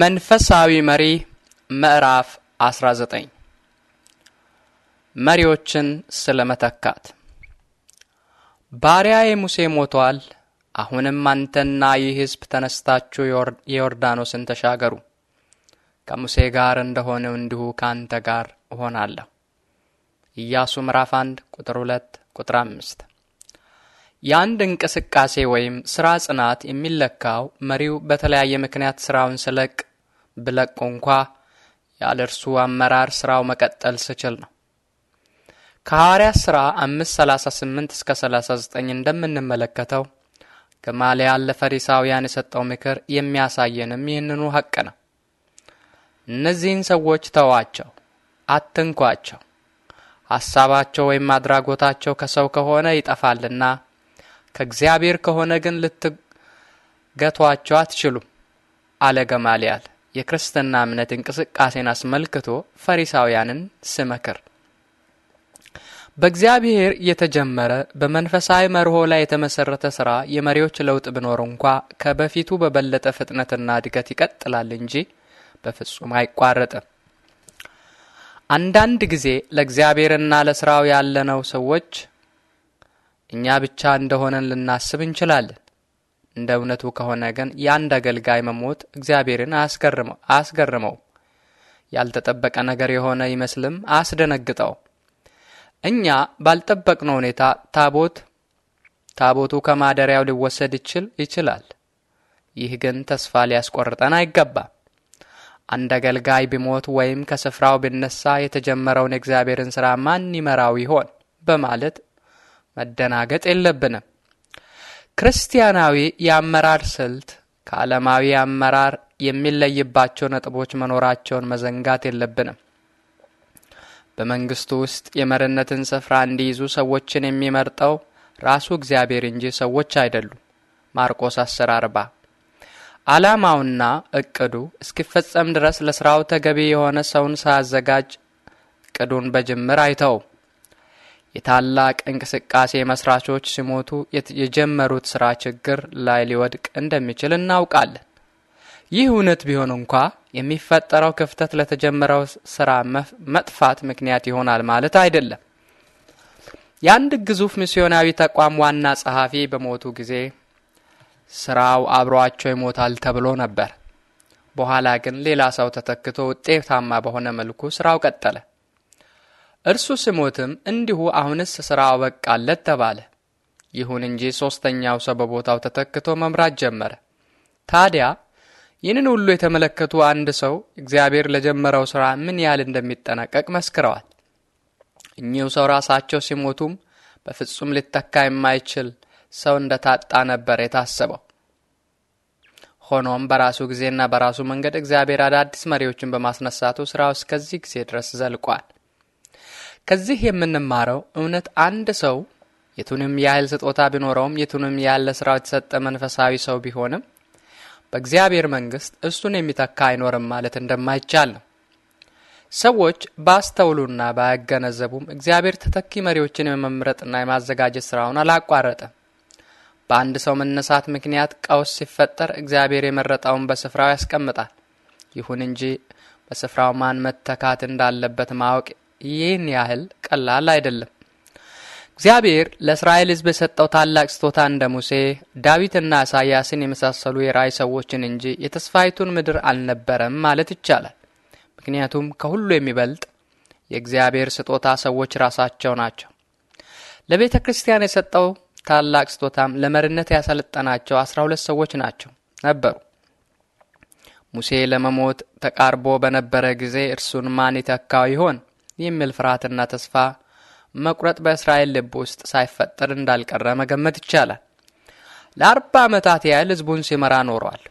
መንፈሳዊ መሪ ምዕራፍ 19 መሪዎችን ስለመተካት ባሪያዬ ሙሴ ሞቷል። አሁንም አንተና ይህ ሕዝብ ተነስታችሁ የዮርዳኖስን ተሻገሩ። ከሙሴ ጋር እንደሆነው እንዲሁ ከአንተ ጋር እሆናለሁ። ኢያሱ ምዕራፍ 1 ቁጥር 2 ቁጥር 5 የአንድ እንቅስቃሴ ወይም ስራ ጽናት የሚለካው መሪው በተለያየ ምክንያት ስራውን ስለቅ ብለቁ እንኳ ያለ እርሱ አመራር ስራው መቀጠል ስችል ነው። ከሐዋርያ ሥራ 538 እስከ 39 እንደምንመለከተው ገማልያል ለፈሪሳውያን የሰጠው ምክር የሚያሳየንም ይህንኑ ሐቅ ነው። እነዚህን ሰዎች ተዋቸው፣ አትንኳቸው፣ ሐሳባቸው ወይም አድራጎታቸው ከሰው ከሆነ ይጠፋልና ከእግዚአብሔር ከሆነ ግን ልትገቷቸው አትችሉም አለ ገማልያል። የክርስትና እምነት እንቅስቃሴን አስመልክቶ ፈሪሳውያንን ስመክር በእግዚአብሔር የተጀመረ በመንፈሳዊ መርሆ ላይ የተመሰረተ ሥራ የመሪዎች ለውጥ ቢኖር እንኳ ከበፊቱ በበለጠ ፍጥነትና እድገት ይቀጥላል እንጂ በፍጹም አይቋረጥም። አንዳንድ ጊዜ ለእግዚአብሔርና ለሥራው ያለነው ሰዎች እኛ ብቻ እንደሆነን ልናስብ እንችላለን። እንደ እውነቱ ከሆነ ግን የአንድ አገልጋይ መሞት እግዚአብሔርን አያስገርመውም። ያልተጠበቀ ነገር የሆነ ይመስልም አስደነግጠው። እኛ ባልጠበቅነው ሁኔታ ታቦት ታቦቱ ከማደሪያው ሊወሰድ ይችል ይችላል። ይህ ግን ተስፋ ሊያስቆርጠን አይገባም። አንድ አገልጋይ ቢሞት ወይም ከስፍራው ቢነሳ የተጀመረውን የእግዚአብሔርን ሥራ ማን ይመራው ይሆን በማለት መደናገጥ የለብንም። ክርስቲያናዊ የአመራር ስልት ከዓለማዊ አመራር የሚለይባቸው ነጥቦች መኖራቸውን መዘንጋት የለብንም። በመንግስቱ ውስጥ የመሪነትን ስፍራ እንዲይዙ ሰዎችን የሚመርጠው ራሱ እግዚአብሔር እንጂ ሰዎች አይደሉም። ማርቆስ 10 40 ዓላማውና እቅዱ እስኪፈጸም ድረስ ለስራው ተገቢ የሆነ ሰውን ሳያዘጋጅ እቅዱን በጅምር አይተውም። የታላቅ እንቅስቃሴ መስራቾች ሲሞቱ የጀመሩት ስራ ችግር ላይ ሊወድቅ እንደሚችል እናውቃለን። ይህ እውነት ቢሆን እንኳ የሚፈጠረው ክፍተት ለተጀመረው ስራ መጥፋት ምክንያት ይሆናል ማለት አይደለም። የአንድ ግዙፍ ሚስዮናዊ ተቋም ዋና ጸሐፊ በሞቱ ጊዜ ስራው አብሯቸው ይሞታል ተብሎ ነበር። በኋላ ግን ሌላ ሰው ተተክቶ ውጤታማ በሆነ መልኩ ስራው ቀጠለ። እርሱ ሲሞትም እንዲሁ አሁንስ ስራ አበቃለት ተባለ። ይሁን እንጂ ሦስተኛው ሰው በቦታው ተተክቶ መምራት ጀመረ። ታዲያ ይህንን ሁሉ የተመለከቱ አንድ ሰው እግዚአብሔር ለጀመረው ሥራ ምን ያህል እንደሚጠናቀቅ መስክረዋል። እኚሁ ሰው ራሳቸው ሲሞቱም በፍጹም ሊተካ የማይችል ሰው እንደታጣ ነበር የታሰበው። ሆኖም በራሱ ጊዜና በራሱ መንገድ እግዚአብሔር አዳዲስ መሪዎችን በማስነሳቱ ሥራው እስከዚህ ጊዜ ድረስ ዘልቋል። ከዚህ የምንማረው እውነት አንድ ሰው የቱንም ያህል ስጦታ ቢኖረውም የቱንም ያህል ለስራው የተሰጠ መንፈሳዊ ሰው ቢሆንም በእግዚአብሔር መንግስት እሱን የሚተካ አይኖርም ማለት እንደማይቻል ነው። ሰዎች ባስተውሉና ባያገነዘቡም እግዚአብሔር ተተኪ መሪዎችን የመምረጥና የማዘጋጀት ስራውን አላቋረጠም። በአንድ ሰው መነሳት ምክንያት ቀውስ ሲፈጠር እግዚአብሔር የመረጠውን በስፍራው ያስቀምጣል። ይሁን እንጂ በስፍራው ማን መተካት እንዳለበት ማወቅ ይህን ያህል ቀላል አይደለም። እግዚአብሔር ለእስራኤል ሕዝብ የሰጠው ታላቅ ስጦታ እንደ ሙሴ ዳዊትና ኢሳያስን የመሳሰሉ የራእይ ሰዎችን እንጂ የተስፋይቱን ምድር አልነበረም ማለት ይቻላል። ምክንያቱም ከሁሉ የሚበልጥ የእግዚአብሔር ስጦታ ሰዎች ራሳቸው ናቸው። ለቤተ ክርስቲያን የሰጠው ታላቅ ስጦታም ለመሪነት ያሰለጠናቸው አስራ ሁለት ሰዎች ናቸው ነበሩ። ሙሴ ለመሞት ተቃርቦ በነበረ ጊዜ እርሱን ማን ይተካው ይሆን? የሚል ፍርሃትና ተስፋ መቁረጥ በእስራኤል ልብ ውስጥ ሳይፈጠር እንዳልቀረ መገመት ይቻላል። ለአርባ ዓመታት ያህል ህዝቡን ሲመራ ኖሯል።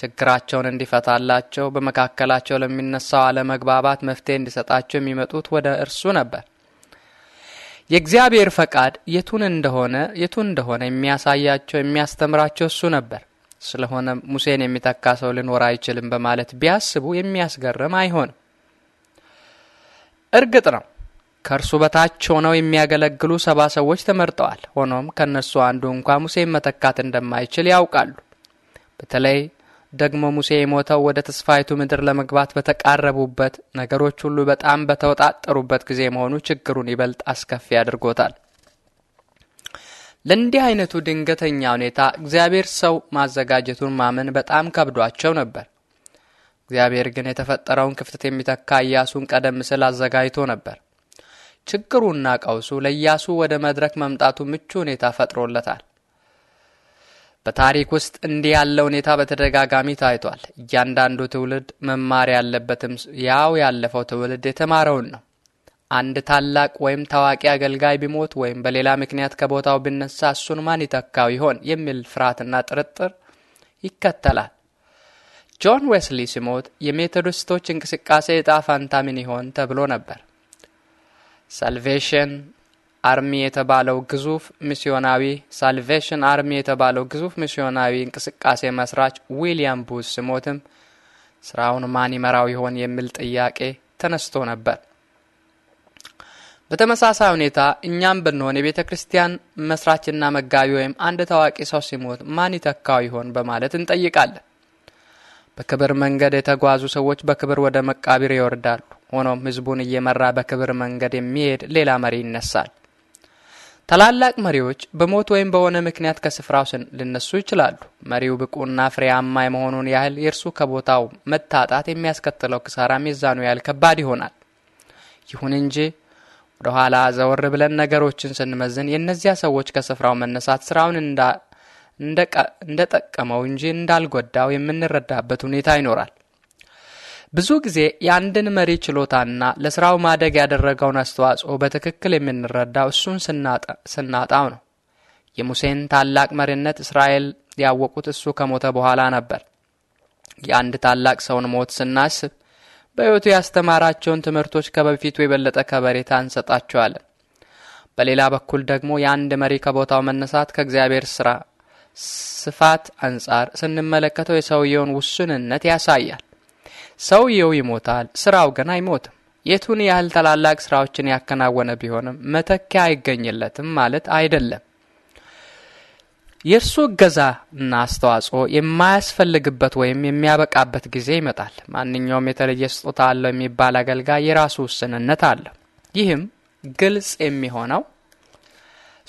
ችግራቸውን እንዲፈታላቸው በመካከላቸው ለሚነሳው አለመግባባት መፍትሄ እንዲሰጣቸው የሚመጡት ወደ እርሱ ነበር። የእግዚአብሔር ፈቃድ የቱን እንደሆነ የቱን እንደሆነ የሚያሳያቸው የሚያስተምራቸው እሱ ነበር። ስለሆነ ሙሴን የሚተካ ሰው ሊኖር አይችልም በማለት ቢያስቡ የሚያስገርም አይሆንም። እርግጥ ነው ከእርሱ በታች ሆነው የሚያገለግሉ ሰባ ሰዎች ተመርጠዋል። ሆኖም ከእነሱ አንዱ እንኳ ሙሴን መተካት እንደማይችል ያውቃሉ። በተለይ ደግሞ ሙሴ የሞተው ወደ ተስፋይቱ ምድር ለመግባት በተቃረቡበት ነገሮች ሁሉ በጣም በተወጣጠሩበት ጊዜ መሆኑ ችግሩን ይበልጥ አስከፊ አድርጎታል። ለእንዲህ አይነቱ ድንገተኛ ሁኔታ እግዚአብሔር ሰው ማዘጋጀቱን ማመን በጣም ከብዷቸው ነበር። እግዚአብሔር ግን የተፈጠረውን ክፍተት የሚተካ ኢያሱን ቀደም ሲል አዘጋጅቶ ነበር። ችግሩና ቀውሱ ለኢያሱ ወደ መድረክ መምጣቱ ምቹ ሁኔታ ፈጥሮለታል። በታሪክ ውስጥ እንዲህ ያለ ሁኔታ በተደጋጋሚ ታይቷል። እያንዳንዱ ትውልድ መማር ያለበትም ያው ያለፈው ትውልድ የተማረውን ነው። አንድ ታላቅ ወይም ታዋቂ አገልጋይ ቢሞት ወይም በሌላ ምክንያት ከቦታው ቢነሳ እሱን ማን ይተካው ይሆን የሚል ፍርሃትና ጥርጥር ይከተላል። ጆን ዌስሊ ሲሞት የሜቶዲስቶች እንቅስቃሴ ዕጣ ፋንታ ምን ይሆን ተብሎ ነበር። ሳልቬሽን አርሚ የተባለው ግዙፍ ሚስዮናዊ ሳልቬሽን አርሚ የተባለው ግዙፍ ሚስዮናዊ እንቅስቃሴ መስራች ዊሊያም ቡዝ ሲሞትም ስራውን ማን ይመራው ይሆን የሚል ጥያቄ ተነስቶ ነበር። በተመሳሳይ ሁኔታ እኛም ብንሆን የቤተ ክርስቲያን መስራችና መጋቢ ወይም አንድ ታዋቂ ሰው ሲሞት ማን ይተካው ይሆን በማለት እንጠይቃለን። በክብር መንገድ የተጓዙ ሰዎች በክብር ወደ መቃብር ይወርዳሉ። ሆኖም ህዝቡን እየመራ በክብር መንገድ የሚሄድ ሌላ መሪ ይነሳል። ታላላቅ መሪዎች በሞት ወይም በሆነ ምክንያት ከስፍራው ሊነሱ ይችላሉ። መሪው ብቁና ፍሬያማ የመሆኑን ያህል የእርሱ ከቦታው መታጣት የሚያስከትለው ክሳራ ሚዛኑ ያህል ከባድ ይሆናል። ይሁን እንጂ ወደ ኋላ ዘወር ብለን ነገሮችን ስንመዝን የእነዚያ ሰዎች ከስፍራው መነሳት ስራውን እንደጠቀመው እንጂ እንዳልጎዳው የምንረዳበት ሁኔታ ይኖራል። ብዙ ጊዜ የአንድን መሪ ችሎታና ለስራው ማደግ ያደረገውን አስተዋጽኦ በትክክል የምንረዳው እሱን ስናጣው ነው። የሙሴን ታላቅ መሪነት እስራኤል ያወቁት እሱ ከሞተ በኋላ ነበር። የአንድ ታላቅ ሰውን ሞት ስናስብ በሕይወቱ ያስተማራቸውን ትምህርቶች ከበፊቱ የበለጠ ከበሬታ እንሰጣቸዋለን። በሌላ በኩል ደግሞ የአንድ መሪ ከቦታው መነሳት ከእግዚአብሔር ስራ ስፋት አንጻር ስንመለከተው የሰውየውን ውሱንነት ያሳያል። ሰውየው ይሞታል፣ ስራው ግን አይሞትም። የቱን ያህል ታላላቅ ስራዎችን ያከናወነ ቢሆንም መተኪያ አይገኝለትም ማለት አይደለም። የእርሱ እገዛና አስተዋጽኦ የማያስፈልግበት ወይም የሚያበቃበት ጊዜ ይመጣል። ማንኛውም የተለየ ስጦታ አለው የሚባል አገልጋይ የራሱ ውስንነት አለው። ይህም ግልጽ የሚሆነው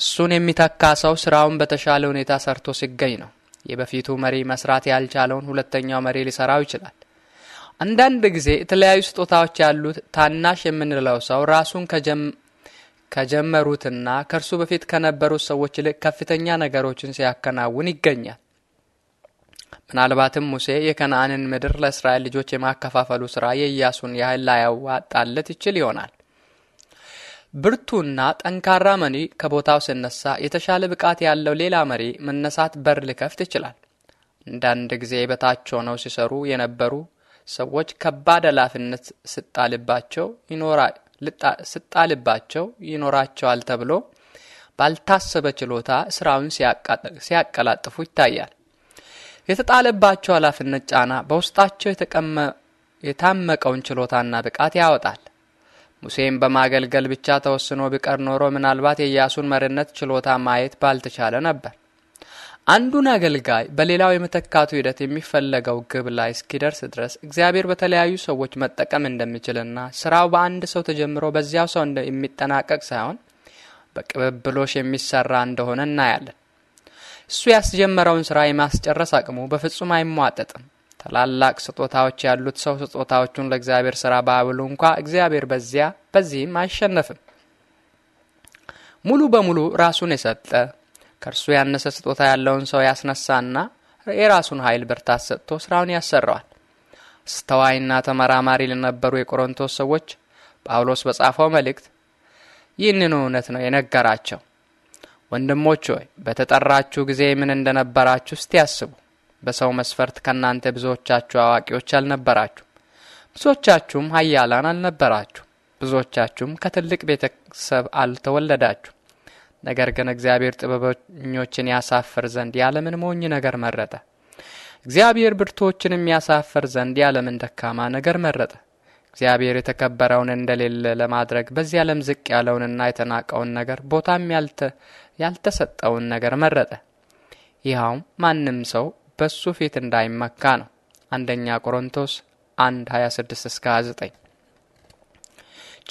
እሱን የሚተካ ሰው ስራውን በተሻለ ሁኔታ ሰርቶ ሲገኝ ነው። የበፊቱ መሪ መስራት ያልቻለውን ሁለተኛው መሪ ሊሰራው ይችላል። አንዳንድ ጊዜ የተለያዩ ስጦታዎች ያሉት ታናሽ የምንለው ሰው ራሱን ከጀመሩትና ከእርሱ በፊት ከነበሩት ሰዎች ይልቅ ከፍተኛ ነገሮችን ሲያከናውን ይገኛል። ምናልባትም ሙሴ የከነአንን ምድር ለእስራኤል ልጆች የማከፋፈሉ ስራ የኢያሱን ያህል ላያዋጣለት ይችል ይሆናል። ብርቱና ጠንካራ መሪ ከቦታው ሲነሳ የተሻለ ብቃት ያለው ሌላ መሪ መነሳት በር ሊከፍት ይችላል። አንዳንድ ጊዜ በታች ሆነው ሲሰሩ የነበሩ ሰዎች ከባድ ኃላፊነት ስጣልባቸው ስጣልባቸው ይኖራቸዋል ተብሎ ባልታሰበ ችሎታ ስራውን ሲያቀላጥፉ ይታያል። የተጣለባቸው ኃላፊነት ጫና በውስጣቸው የታመቀውን ችሎታና ብቃት ያወጣል። ሙሴም በማገልገል ብቻ ተወስኖ ቢቀር ኖሮ ምናልባት የኢያሱን መሪነት ችሎታ ማየት ባልተቻለ ነበር። አንዱን አገልጋይ በሌላው የመተካቱ ሂደት የሚፈለገው ግብ ላይ እስኪደርስ ድረስ እግዚአብሔር በተለያዩ ሰዎች መጠቀም እንደሚችልና ስራው በአንድ ሰው ተጀምሮ በዚያው ሰው የሚጠናቀቅ ሳይሆን በቅብብሎሽ የሚሰራ እንደሆነ እናያለን። እሱ ያስጀመረውን ስራ የማስጨረስ አቅሙ በፍጹም አይሟጠጥም። ታላላቅ ስጦታዎች ያሉት ሰው ስጦታዎቹን ለእግዚአብሔር ሥራ ባብሉ እንኳ እግዚአብሔር በዚያ በዚህም አይሸነፍም። ሙሉ በሙሉ ራሱን የሰጠ ከእርሱ ያነሰ ስጦታ ያለውን ሰው ያስነሳና የራሱን ኃይል ብርታት ሰጥቶ ሥራውን ያሰራዋል። አስተዋይና ተመራማሪ ለነበሩ የቆሮንቶስ ሰዎች ጳውሎስ በጻፈው መልእክት ይህንን እውነት ነው የነገራቸው። ወንድሞች ሆይ በተጠራችሁ ጊዜ ምን እንደነበራችሁ እስቲ ያስቡ። በሰው መስፈርት ከእናንተ ብዙዎቻችሁ አዋቂዎች አልነበራችሁም፣ ብዙዎቻችሁም ኃያላን አልነበራችሁም፣ ብዙዎቻችሁም ከትልቅ ቤተሰብ አልተወለዳችሁ ነገር ግን እግዚአብሔር ጥበበኞችን ያሳፍር ዘንድ ያለምን ሞኝ ነገር መረጠ። እግዚአብሔር ብርቶችንም ያሳፍር ዘንድ ያለምን ደካማ ነገር መረጠ። እግዚአብሔር የተከበረውን እንደሌለ ለማድረግ በዚህ ዓለም ዝቅ ያለውንና የተናቀውን ነገር ቦታም ያልተሰጠውን ነገር መረጠ። ይኸውም ማንም ሰው በሱ ፊት እንዳይመካ ነው። አንደኛ ቆሮንቶስ 1 26 እስከ 29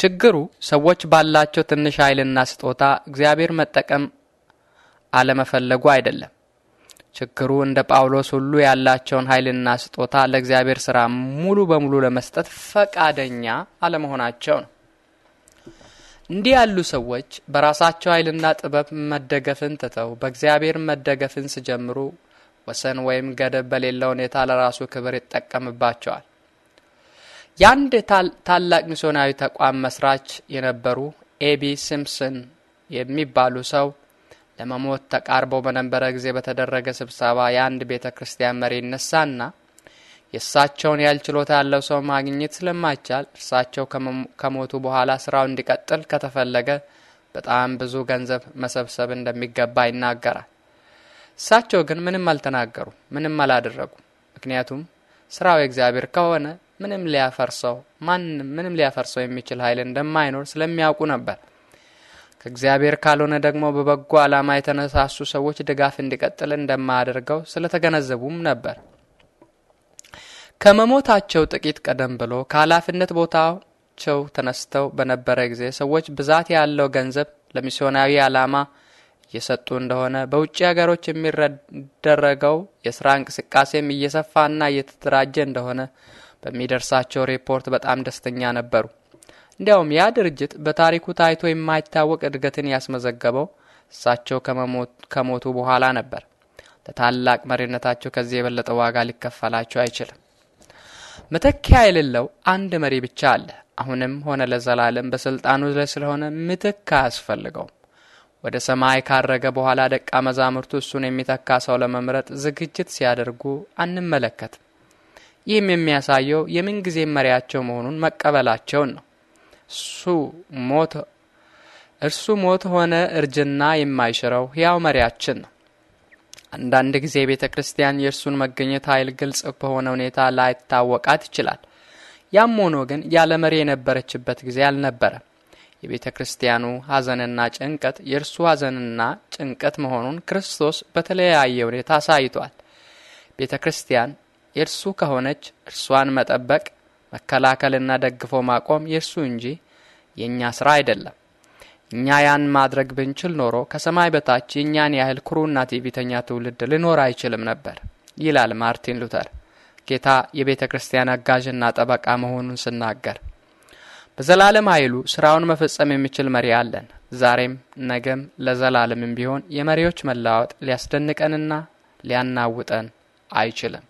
ችግሩ ሰዎች ባላቸው ትንሽ ኃይልና ስጦታ እግዚአብሔር መጠቀም አለመፈለጉ አይደለም። ችግሩ እንደ ጳውሎስ ሁሉ ያላቸውን ኃይልና ስጦታ ለእግዚአብሔር ሥራ ሙሉ በሙሉ ለመስጠት ፈቃደኛ አለመሆናቸው ነው። እንዲህ ያሉ ሰዎች በራሳቸው ኃይልና ጥበብ መደገፍን ትተው በእግዚአብሔር መደገፍን ሲጀምሩ ወሰን ወይም ገደብ በሌለው ሁኔታ ለራሱ ክብር ይጠቀምባቸዋል። የአንድ ታላቅ ሚስዮናዊ ተቋም መስራች የነበሩ ኤቢ ሲምፕሰን የሚባሉ ሰው ለመሞት ተቃርበው በነበረ ጊዜ በተደረገ ስብሰባ የአንድ ቤተ ክርስቲያን መሪ ይነሳና የእሳቸውን ያህል ችሎታ ያለው ሰው ማግኘት ስለማይቻል እርሳቸው ከሞቱ በኋላ ስራው እንዲቀጥል ከተፈለገ በጣም ብዙ ገንዘብ መሰብሰብ እንደሚገባ ይናገራል። እሳቸው ግን ምንም አልተናገሩ፣ ምንም አላደረጉ። ምክንያቱም ስራው የእግዚአብሔር ከሆነ ምንም ሊያፈርሰው ማንም ምንም ሊያፈርሰው የሚችል ኃይል እንደማይኖር ስለሚያውቁ ነበር። ከእግዚአብሔር ካልሆነ ደግሞ በበጎ ዓላማ የተነሳሱ ሰዎች ድጋፍ እንዲቀጥል እንደማያደርገው ስለተገነዘቡም ነበር። ከመሞታቸው ጥቂት ቀደም ብሎ ከኃላፊነት ቦታቸው ተነስተው በነበረ ጊዜ ሰዎች ብዛት ያለው ገንዘብ ለሚስዮናዊ ዓላማ እየሰጡ እንደሆነ በውጭ ሀገሮች የሚደረገው የስራ እንቅስቃሴም እየሰፋና እየተደራጀ እንደሆነ በሚደርሳቸው ሪፖርት በጣም ደስተኛ ነበሩ። እንዲያውም ያ ድርጅት በታሪኩ ታይቶ የማይታወቅ እድገትን ያስመዘገበው እሳቸው ከሞቱ በኋላ ነበር። ለታላቅ መሪነታቸው ከዚህ የበለጠ ዋጋ ሊከፈላቸው አይችልም። ምትኪያ የሌለው አንድ መሪ ብቻ አለ። አሁንም ሆነ ለዘላለም በስልጣኑ ላይ ስለሆነ ምትክ አያስፈልገውም። ወደ ሰማይ ካረገ በኋላ ደቀ መዛሙርቱ እሱን የሚተካ ሰው ለመምረጥ ዝግጅት ሲያደርጉ አንመለከትም። ይህም የሚያሳየው የምንጊዜ መሪያቸው መሆኑን መቀበላቸውን ነው። እሱ ሞት እርሱ ሞት ሆነ እርጅና የማይሽረው ሕያው መሪያችን ነው። አንዳንድ ጊዜ ቤተ ክርስቲያን የእርሱን መገኘት ኃይል ግልጽ በሆነ ሁኔታ ላይታወቃት ይችላል። ያም ሆኖ ግን ያለ መሪ የነበረችበት ጊዜ አልነበረም። የቤተ ክርስቲያኑ ሐዘንና ጭንቀት የእርሱ ሐዘንና ጭንቀት መሆኑን ክርስቶስ በተለያየ ሁኔታ አሳይቷል። ቤተ ክርስቲያን የእርሱ ከሆነች እርሷን መጠበቅ፣ መከላከልና ደግፎ ማቆም የእርሱ እንጂ የእኛ ሥራ አይደለም። እኛ ያን ማድረግ ብንችል ኖሮ ከሰማይ በታች የእኛን ያህል ኩሩና ትዕቢተኛ ትውልድ ሊኖር አይችልም ነበር ይላል ማርቲን ሉተር ጌታ የቤተ ክርስቲያን አጋዥና ጠበቃ መሆኑን ስናገር በዘላለም ኃይሉ ስራውን መፈጸም የሚችል መሪ አለን። ዛሬም ነገም ለዘላለምም ቢሆን የመሪዎች መለዋወጥ ሊያስደንቀንና ሊያናውጠን አይችልም።